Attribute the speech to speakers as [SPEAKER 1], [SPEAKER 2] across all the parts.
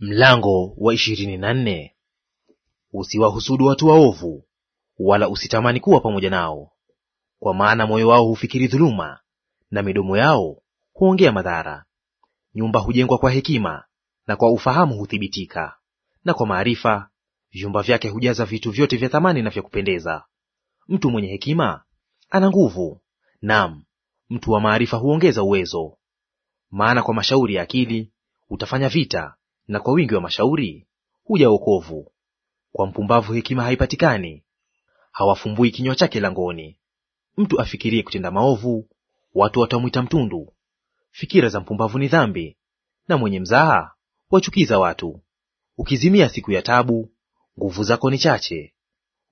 [SPEAKER 1] Mlango wa ishirini na nne. Usiwahusudu watu waovu, wala usitamani kuwa pamoja nao, kwa maana moyo wao hufikiri dhuluma, na midomo yao huongea madhara. Nyumba hujengwa kwa hekima, na kwa ufahamu huthibitika, na kwa maarifa vyumba vyake hujaza vitu vyote vya thamani na vya kupendeza. Mtu mwenye hekima ana nguvu, naam, mtu wa maarifa huongeza uwezo. Maana kwa mashauri ya akili utafanya vita na kwa wingi wa mashauri huja wokovu. Kwa mpumbavu hekima haipatikani, hawafumbui kinywa chake langoni. Mtu afikirie kutenda maovu, watu watamwita mtundu. Fikira za mpumbavu ni dhambi, na mwenye mzaha wachukiza watu. Ukizimia siku ya tabu, nguvu zako ni chache.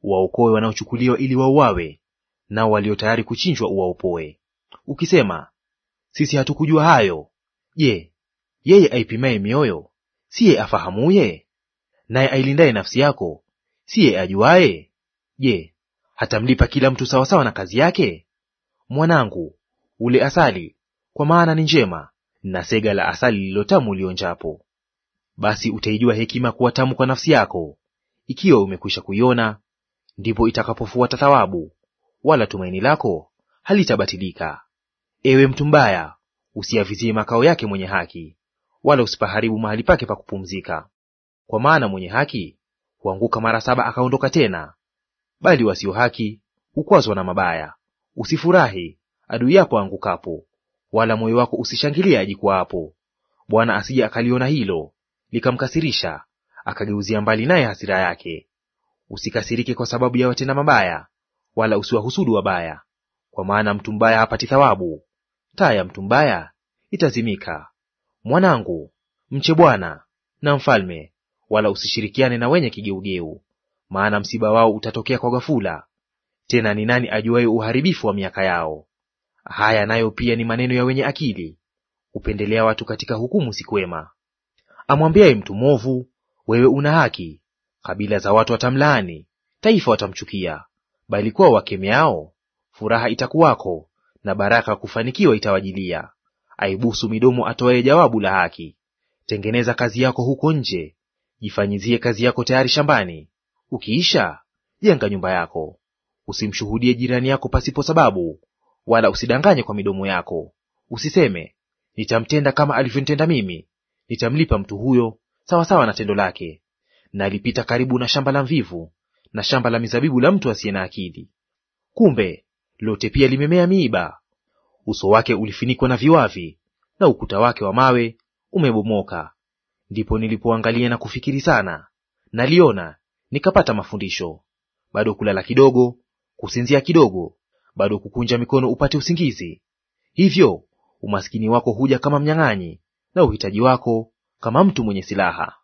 [SPEAKER 1] Waokoe wanaochukuliwa ili wauawe, nao walio tayari kuchinjwa uwaopoe. Ukisema sisi hatukujua hayo, je, yeye aipimaye mioyo siye afahamuye? Naye ailindaye nafsi yako, siye ajuaye? Je, hatamlipa kila mtu sawasawa na kazi yake? Mwanangu, ule asali, kwa maana ni njema, na sega la asali lilotamu ulionjapo. Basi utaijua hekima kuwa tamu kwa nafsi yako, ikiwa umekwisha kuiona, ndipo itakapofuata thawabu, wala tumaini lako halitabatilika. Ewe mtu mbaya, usiyavizie makao yake mwenye haki wala usipaharibu mahali pake pa kupumzika. Kwa maana mwenye haki huanguka mara saba akaondoka tena, bali wasio haki hukwazwa na mabaya. Usifurahi adui yako aangukapo, wala moyo wako usishangilia ajikwapo. Bwana asije akaliona hilo likamkasirisha, akageuzia mbali naye hasira yake. Usikasirike kwa sababu ya watenda mabaya, wala usiwahusudu wabaya, kwa maana mtu mbaya hapati thawabu; taa ya mtu mbaya itazimika. Mwanangu, mche Bwana na mfalme, wala usishirikiane na wenye kigeugeu, maana msiba wao utatokea kwa ghafula, tena ni nani ajuaye uharibifu wa miaka yao? Haya nayo pia ni maneno ya wenye akili, kupendelea watu katika hukumu si kwema. Amwambiaye mtu mwovu, wewe una haki, kabila za watu watamlaani, taifa watamchukia, bali kwao wakemeao furaha itakuwako, na baraka kufanikiwa itawajilia aibusu midomo atoaye jawabu la haki. Tengeneza kazi yako huko nje, jifanyizie kazi yako tayari shambani. Ukiisha jenga nyumba yako. Usimshuhudie jirani yako pasipo sababu, wala usidanganye kwa midomo yako. Usiseme, nitamtenda kama alivyonitenda mimi, nitamlipa mtu huyo sawasawa na tendo lake. Nalipita karibu na shamba la mvivu na shamba la mizabibu la mtu asiye na akili, kumbe lote pia limemea miiba Uso wake ulifunikwa na viwavi, na ukuta wake wa mawe umebomoka. Ndipo nilipoangalia na kufikiri sana, naliona nikapata mafundisho. Bado kulala kidogo, kusinzia kidogo, bado kukunja mikono upate usingizi. Hivyo umaskini wako huja kama mnyang'anyi, na uhitaji wako kama mtu mwenye silaha.